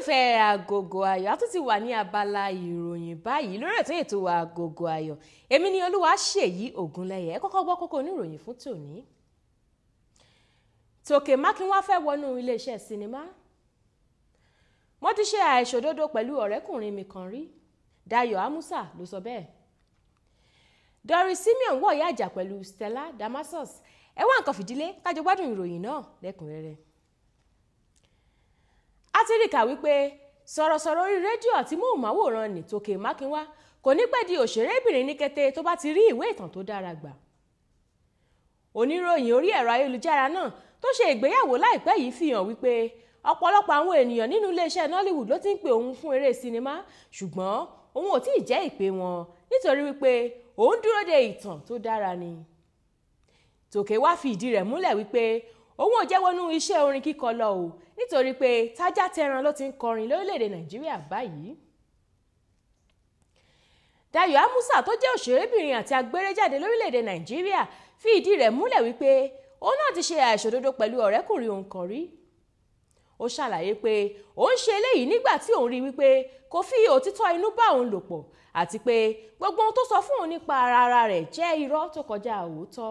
olólùfẹ́ Agogo Ayọ̀ a tún ti wà ní abala ìròyìn báyìí lórí ètò ètò Agogo Ayọ̀ èmi ni Olúwaṣèyí Ògúnlẹ́yẹ ẹ kọ́kọ́ gbọ́ kókó oníròyìn fún tòní. Tòkè Mákínwá fẹ́ wọnú iléeṣẹ́ sinimá mo ti ṣe àìṣòdodo pẹ̀lú ọ̀rẹ́kùnrin mi kan rí Dayọ̀ Amusa ló sọ bẹ́ẹ̀ Doris Simeon wọ̀ọ́yà àjà pẹ̀lú Stella Damasus ẹ nǹkan fìdílé kájọ gbádùn ìròyìn náà lẹ́kùnrẹ́rẹ́ ti rí kà wípé sọ̀rọ̀sọ̀rọ̀ orí rédíò àti móhùnmáwòrán ní Tókè Mákinwá kò ní pẹ́ di òṣèrébìnrin ní kété tó bá ti rí ìwé ìtàn tó dára gbà oníròyìn orí ẹ̀rọ ayélujára náà tó ṣe ìgbéyàwó láìpẹ́ yìí fi hàn wípé ọ̀pọ̀lọpọ̀ àwọn ènìyàn nínú iléeṣẹ́ Nollywood ló ti ń pe òun fún eré sinimá ṣùgbọ́n òun ò tí ì jẹ́ ìpè wọn nítorí wípé òun dúró de ìtàn tó dára ni Tókè wá fi ìdí rẹ̀ múlẹ̀ wípé òun ò jẹ́ wọnú iṣẹ́ orin kíkọ lọ o nítorí pé tájá tẹran ló ti ń kọrin lórílẹ̀‐èdè nàìjíríà báyìí. Dayọ̀ Amusa tó jẹ́ òṣèrébìnrin àti agbéréjáde lórílẹ̀‐èdè nàìjíríà fi ìdí rẹ̀ múlẹ̀ wípé òun náà ti ṣe àìṣòdodo pẹ̀lú ọ̀rẹ́kùnrin òun kan rí ó ṣàlàyé pé òun ṣe eléyìí nígbà tí òun rí wípé kò fi òtítọ́ inú bá òun lò pọ̀ àti pé gbogbo ohun tó sọ fún òun nípa ara rẹ̀ jẹ́ irọ́ tó kọjá òótọ́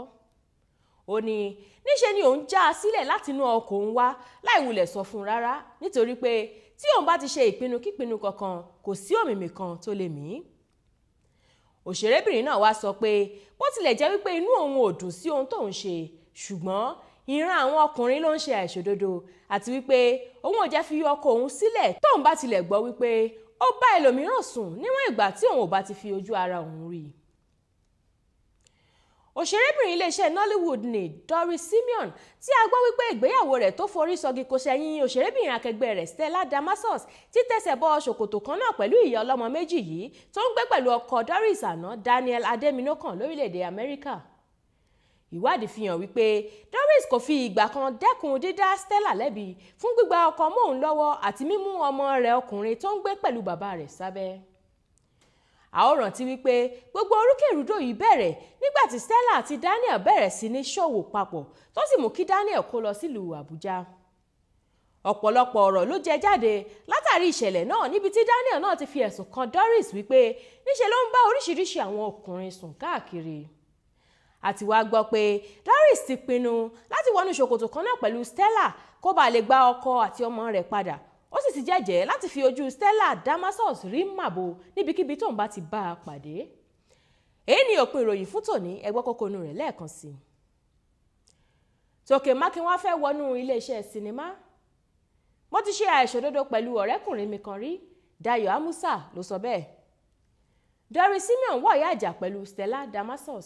ó ní níṣe ni òun já a sílẹ̀ látinú ọkọ̀ òun wá láìwulẹ̀ sọ fún un rárá nítorí pé tí òun bá ti ṣe ìpinnu kípinnu kankan kò sí òmìmì kan tó lè mí. òṣèrébìnrin náà wá sọ pé bó tilẹ̀ jẹ́ wípé inú òun ò dùn sí ohun tóun ṣe ṣùgbọ́n ìran àwọn ọkùnrin ló ń ṣe àìṣòdodo àti wípé òun ò jẹ́ fi ọkọ òun sílẹ̀ tóun bá tilẹ̀ gbọ́ wípé ó bá ẹlòmíràn sùn níwọ̀n ìgbà tí òun ò bá ti fi ojú ara òun rí i òṣèrébìnrin iléeṣẹ́ Nollywood ni Doris Simeon tí a gbọ́ wípé ìgbéyàwó rẹ̀ tó forí sọgi kò ṣẹ̀yìn òṣèrébìnrin akẹgbẹ́ rẹ̀ Stella Damasus tí tẹ̀sẹ̀ bọ ṣòkòtò kan náà pẹ̀lú ìyá ọlọ́mọ méjì yìí tó ń gbé pẹ̀lú ọkọ Doris àná Daniel Ademinokan lórílẹ̀‐èdè Amẹ́ríkà ìwádìí fi hàn wípé Doris kò fi ìgbà kan dẹ́kun dídá Stella lẹ́bi fún gbígba ọkọ mọ́ òun lọ́wọ́ àti mímú ọmọ rẹ̀ ọkùnrin tó ń gbé pẹ̀lú bàbá rẹ̀ sábẹ́ a ó rántí wípé gbogbo orúkèrúdò yìí bẹ̀rẹ̀ nígbà tí Stella àti Daniel bẹ̀rẹ̀ sí ní ṣòwò papọ̀ tó sì mú kí Daniel kó lọ sílùú Àbújá ọ̀pọ̀lọpọ̀ ọ̀rọ̀ ló jẹ jáde látàrí ìṣẹ̀lẹ̀ náà níbi tí Daniel náà ti fi ẹ̀sùn kan Doris wípé níṣe ló ń bá oríṣiríṣi àwọn ọkùnrin sùn káàkiri àti wá gbọ́ pé Doris ti pinnu láti wọnú ṣòkòtò kan náà pẹ̀lú Stella kó bàa lè gba ọkọ àti ọmọ rẹ̀ padà sì jẹ́jẹ́ láti fi ojú Stella Damasus rí màbo níbikíbi tóun bá ti bá a pàdé èyí ni òpin ìròyìn fún tòní ẹgbẹ́ kókó inú rẹ̀ lẹ́ẹ̀kan sí i Tòkè Mákinwá fẹ́ wọnú iléeṣẹ́ sinimá mo ti ṣe àìṣòdodo pẹ̀lú ọ̀rẹ́kùnrin mi kan rí Dayọ̀ Amusa ló sọ bẹ́ẹ̀ Doris Simeon wọ̀yá àjà pẹ̀lú Stella Damasus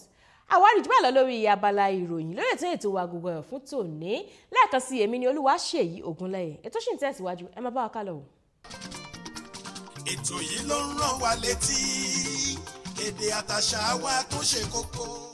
àwárí jù bẹ́ẹ̀ lọ lórí abala ìròyìn lórí ètò ètò wa gbogbo ẹ̀ fún tòní lẹ́ẹ̀kan sí èmi ni olúwa ṣèyí ògúnlẹ̀yẹ ètò sì ń tẹ̀síwájú ẹ má bá wa ká lọ. ètò yìí ló ń rán wa létí èdè àtàṣà wa tó ṣe kókó.